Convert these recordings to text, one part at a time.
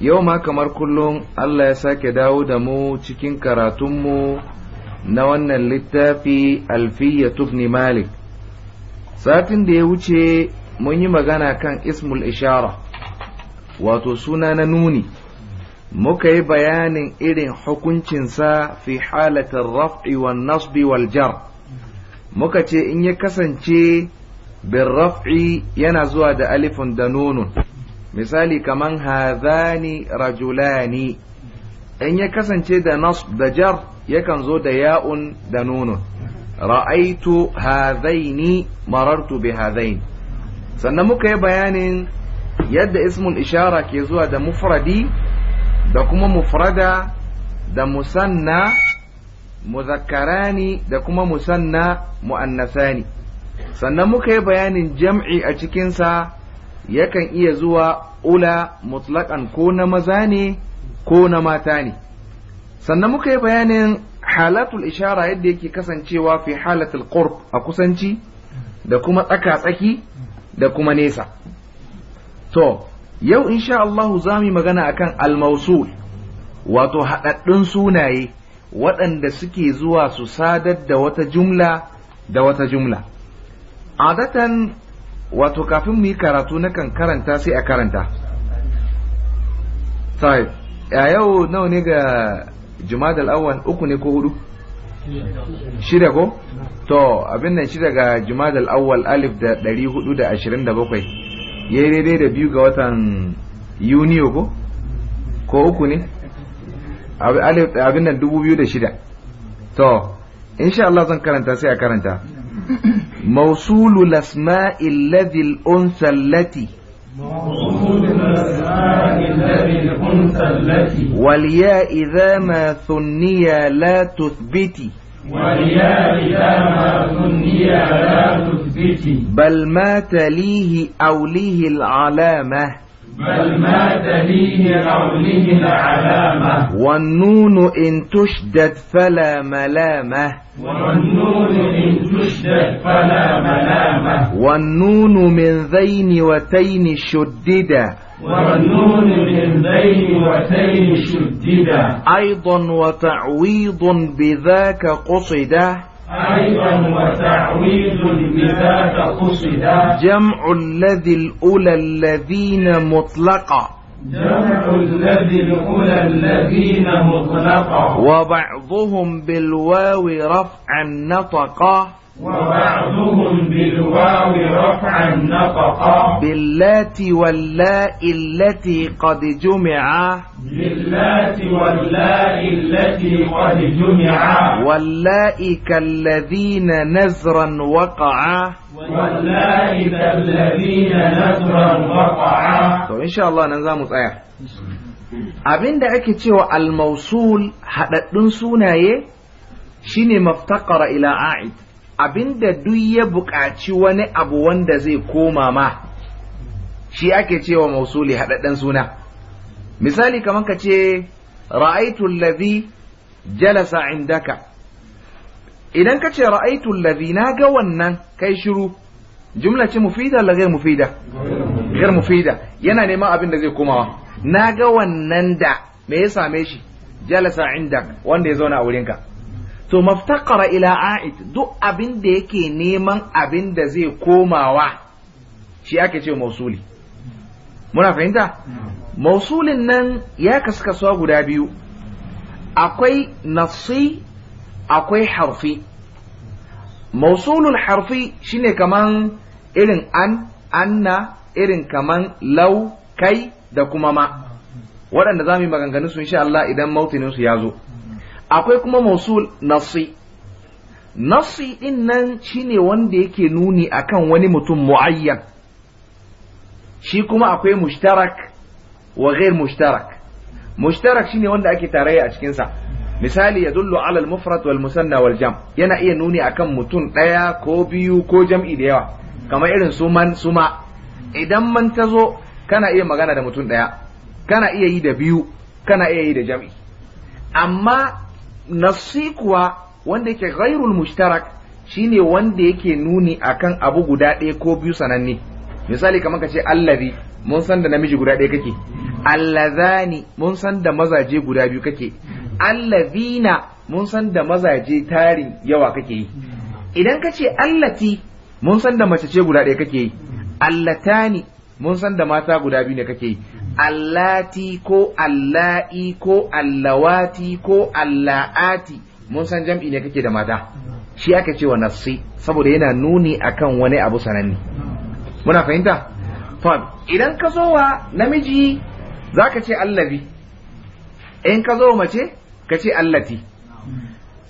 yau ma kamar kullum Allah ya sake dawo da mu cikin karatunmu na wannan littafi alfiya tubni malik satin da ya wuce mun yi magana kan ismul ishara wato suna na nuni muka yi bayanin irin hukuncinsa fi halatar raf'i wal nasbi wal jar muka ce in ya kasance bin raf'i yana zuwa da alifin da nunun misali kaman hazani rajulani in ya kasance da nas da jar yakan zo da ya'un da nunun ra'aitu Hadaini marartu bi hadain sannan muka yi bayanin yadda ismun ishara ke zuwa da mufradi da kuma mufrada da musanna muzakkarani da kuma musanna mu'annasani sannan muka yi bayanin jam'i a cikinsa yakan iya zuwa ula mutlaƙan ko na maza ne ko na mata ne sannan muka yi bayanin halatul ishara yadda yake kasancewa fi halatul qurb a kusanci da kuma tsaka-tsaki da kuma nesa to yau insha Allah za mu magana akan al mawsul wato haɗaɗɗun sunaye waɗanda suke zuwa su sadar da wata jumla da wata jumla adatan wato kafin mu yi karatu na kan karanta sai a karanta sahib a yau nawa ne ga jumada al'awwal uku ne ko hudu shida ko to abin nan shida ga jumada al'awwal alif da dari hudu da ashirin da bakwai ya yi daidai da biyu ga watan yuniyo ko ko uku ne abin nan dubu biyu da shida to insha Allah zan karanta sai a karanta موصول الأسماء الذي الأنثى التي موصول الأسماء الذي الأنثى التي والياء إذا ما ثنيا لا تثبتي والياء إذا ما ثنيا لا تثبتي بل ما تليه أو ليه العلامة بل ما تليه لعله العلامة والنون إن تشدد فلا ملامة والنون إن تشدد فلا ملامة والنون من ذين وتين شددا والنون من ذين وتين شددا أيضا وتعويض بذاك قصده أيضا وتعويض بذاك قصدا جمع الذي الأولى الذين مطلقا جمع الذي الأولى الذين مطلقا وبعضهم بالواو رفعا نطقا وبعضهم بالواو رفعا نطقا باللات واللاء التي قد جمعا باللات واللاء التي قد جمعا واللاء كالذين نزرا وقعا واللاء كالذين نزرا وقعا طيب ان شاء الله نزام صحيح أبين da ake الموصول al-mausul haɗaɗɗun شنو مفتقر إلى عائد abinda duk ya buƙaci wani abu wanda zai koma ma shi ake cewa mausuli haɗaɗɗen suna misali kamar ka ce ra'aitu allazi jalasa indaka idan ka ce ra'aitu allazi na ga wannan kai shiru jumla ce mufida la ghair mufida ghair mufida yana neman abin da zai komawa na ga wannan da me ya same shi jalasa indak wanda ya zauna a wurinka to maftaqara ila a'id duk abin da yake neman abin da zai komawa shi ake ce mausuli muna fahimta mausulin nan ya kasu so guda biyu akwai nafsi akwai harfi mausulul harfi shine kaman irin an anna irin kaman lau kai da kuma ma waɗanda za mu yi maganganu su insha Allah idan mautinin su ya zo akwai kuma mausul nasi nasi din nan shine wanda yake nuni akan wani mutum muayyan shi kuma akwai mushtarak wa ghair mushtarak mushtarak shine wanda ake tarayya a cikin sa misali ya dullu ala al-mufrad wal musanna wal jam yana iya nuni akan mutum daya ko biyu ko jam'i da yawa kamar irin suman suma idan man tazo kana iya magana da mutum daya kana iya yi da biyu kana iya yi da jam'i amma nafsi kuwa wanda yake ghairul mushtarak shine wanda yake nuni akan abu guda ɗaya ko biyu sananne misali kamar ka ce allazi mun san da namiji guda ɗaya kake allazani mun san da mazaje guda biyu kake allazina mun san da mazaje tarin yawa kake yi idan ka ce allati mun san da mace ce guda ɗaya kake yi allatani mun san da mata guda biyu ne kake yi allati ko alla'i ko allawati ko alla'ati mun san jam'i ne kake da mata shi aka ce wa nafsi saboda yana nuni akan wani abu sananni. muna fahimta to idan ka zo wa namiji zaka ce allabi in ka zo mace ka ce allati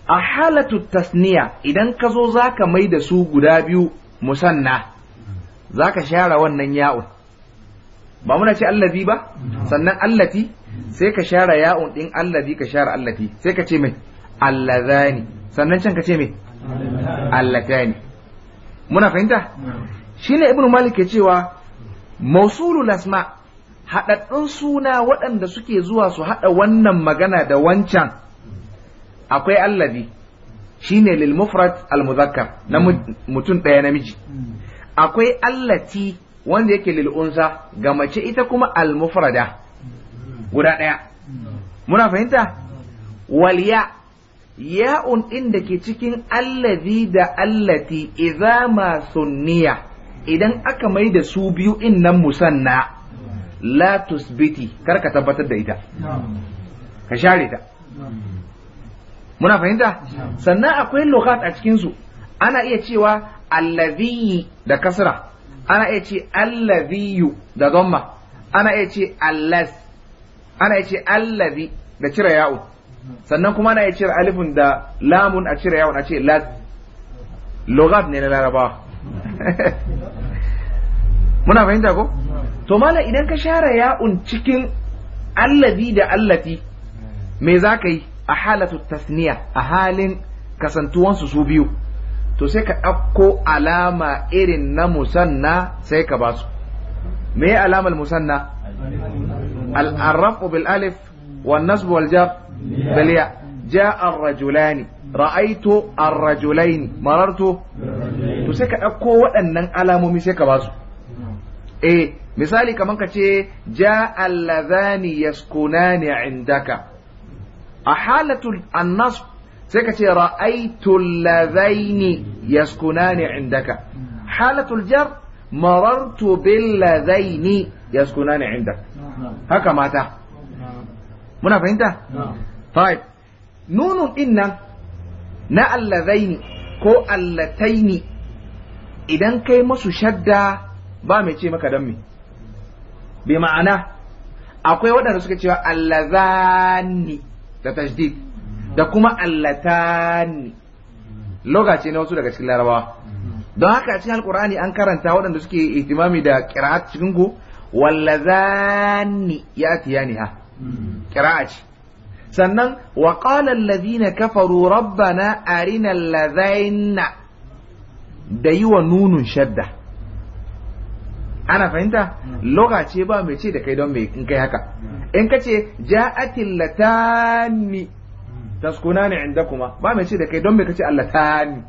a halatu tasniya idan ka zo zaka mai da su guda biyu musanna zaka share wannan ya'un ba muna ce allazi ba sannan allati sai ka share ya'un din allazi ka share allati sai ka ce mai allazani sannan can ka ce mai allatani muna fahimta shine ibnu malik ke cewa mausulul asma haɗaɗɗun suna waɗanda suke zuwa su haɗa wannan magana da wancan akwai allazi shine lil mufrad al muzakkar na mutum ɗaya namiji akwai allati wanda yake lil'unsa ga mace ita kuma almufrada guda ɗaya muna fahimta walya ya ya'un ɗin da ke cikin allazi da allati izama ma sunniya idan aka mai da su biyu in nan musanna la tusbiti kar ka tabbatar da ita ka share ta muna fahimta sannan akwai lokat a cikinsu ana iya cewa allazi da kasra ana iya ce allaziyu da zomma. ana iya ce allas ana iya ce allazi da cire ya'un sannan kuma ana iya cire alifin da lamun a cire yawon a ce las logat ne na larabawa muna fahimta ko to mala idan ka share ya'un cikin allazi da allati me za ka yi a halatu tasniya a halin kasantuwansu su biyu to sai ka ɗauko alama irin na musanna sai ka ba su me alamar musanna al'arrafu bil wa wal nasb wal jar bil ja rajulani ra'aitu ar marartu to sai ka ɗauko waɗannan alamomi sai ka ba su eh misali kamar ka ce ja allazani yaskunani indaka a halatul annasb sai ka ce ra'aytul ladaini yaskunani indaka halatul jar marartu bil ladaini yaskunani indaka haka mata muna fahimta طيب نون إن na allazaini ko allataini idan kai masu shadda ba mai ce maka don me bi ma'ana akwai waɗanda suka cewa allazani da tajdid da kuma allatani loga ce na wasu daga cikin larabawa don haka a cikin alkur'ani an karanta waɗanda suke ihtimami da kira'a cikin ku wallazani ha? Kira'a ce sannan wa qala alladhina kafaru rabbana arina lazaina da yi wa nunun shadda ana fahimta loga ba mai ce da kai don mai in kai haka in ka ce ja'atil latani taskuna ne inda kuma ba mai ce da kai don mai kace Allah ta ni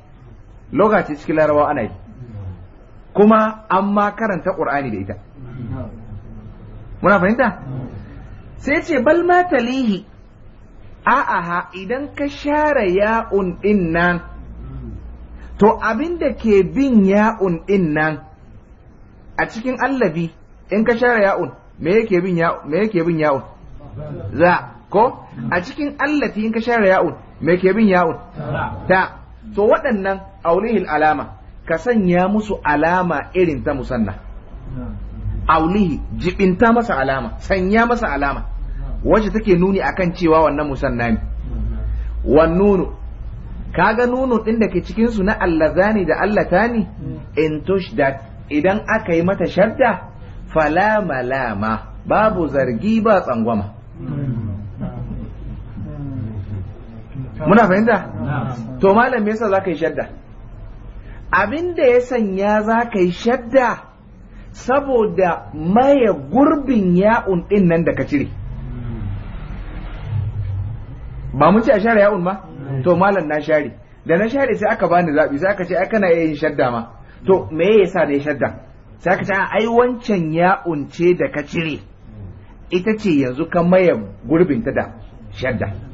lokaci cikin larabawa ana yi kuma an ma karanta qur'ani da ita muna fahimta sai ce bal ma talihi ha, idan ka share ya'un din nan to abin da ke bin ya'un din nan a cikin allabi in ka share ya'un me yake bin ya'un me yake bin ya'un za ko a cikin allati in ka share ya'un me ke bin ya'un ta to waɗannan aulihil alama ka sanya musu alama irin ta musanna aulihi jibinta masa alama sanya masa alama wacce take nuni akan cewa wannan musanna ne wan nunu kaga nunu din da ke cikin su na allazani da allatani in tushdat idan aka yi mata shadda fala malama babu zargi ba tsangwama muna fahimta to malam me yasa zaka yi shadda Abinda ya sanya za ka yi shadda saboda maye gurbin ya'un din nan da ka cire ba mun ce a share ya'un ma to malam na share da na share sai aka bani zaɓi, sai aka ce ai kana yin shadda ma to me yasa ne shadda sai aka ce ai wancan ya'un ce da ka cire ita ce yanzu ka maye gurbin ta da shadda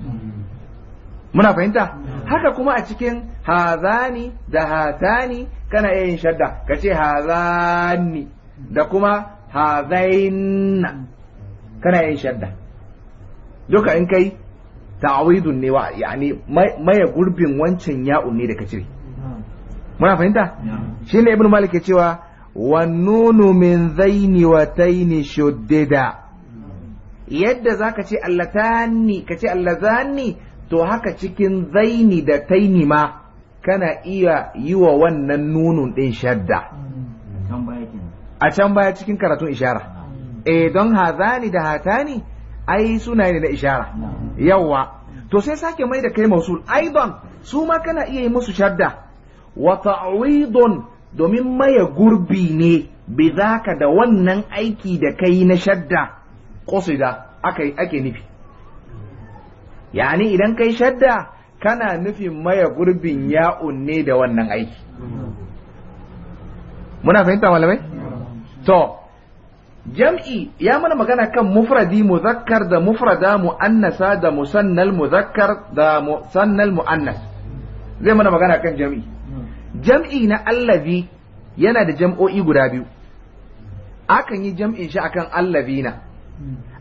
muna fahimta haka kuma a cikin hazani da hatani kana iya yin shadda ka ce hazani da kuma Hazaina kana iya yin shadda duka in kai ta'awidun ne wa yani maye gurbin wancan ya'un ne da ka cire muna fahimta shine ibnu malik ya cewa wannunu min zaini wa taini shuddida yadda zaka ce allatani ka ce allazani to haka cikin zaini da taini ma kana iya yi wa wannan nunun ɗin shadda a can baya cikin karatun ishara eh don hazani da hatani ai suna ne na ishara yawa to sai sake mai da kai mausul aidan su ma kana iya yi musu shadda wa ta'widun domin maye gurbi ne bi zaka da wannan aiki da kai na shadda qasida ake nufi yani idan kai shadda kana nufin maya gurbin ya'un ne da wannan aiki muna fahimta malamai to jam'i ya mana magana kan mufradi muzakkar da mufrada mu'annasa da musannal muzakkar da musannal mu'annas zai mana magana kan jam'i jam'i na allazi yana da jam'o'i guda biyu akan yi jam'in shi akan allazina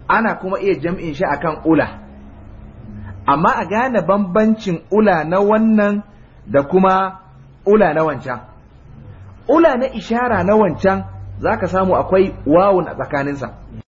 ana kuma iya jam'in shi akan ula amma a gane bambancin ula na wannan da kuma ula na wancan ula na ishara na wancan za ka samu akwai wawun a tsakaninsa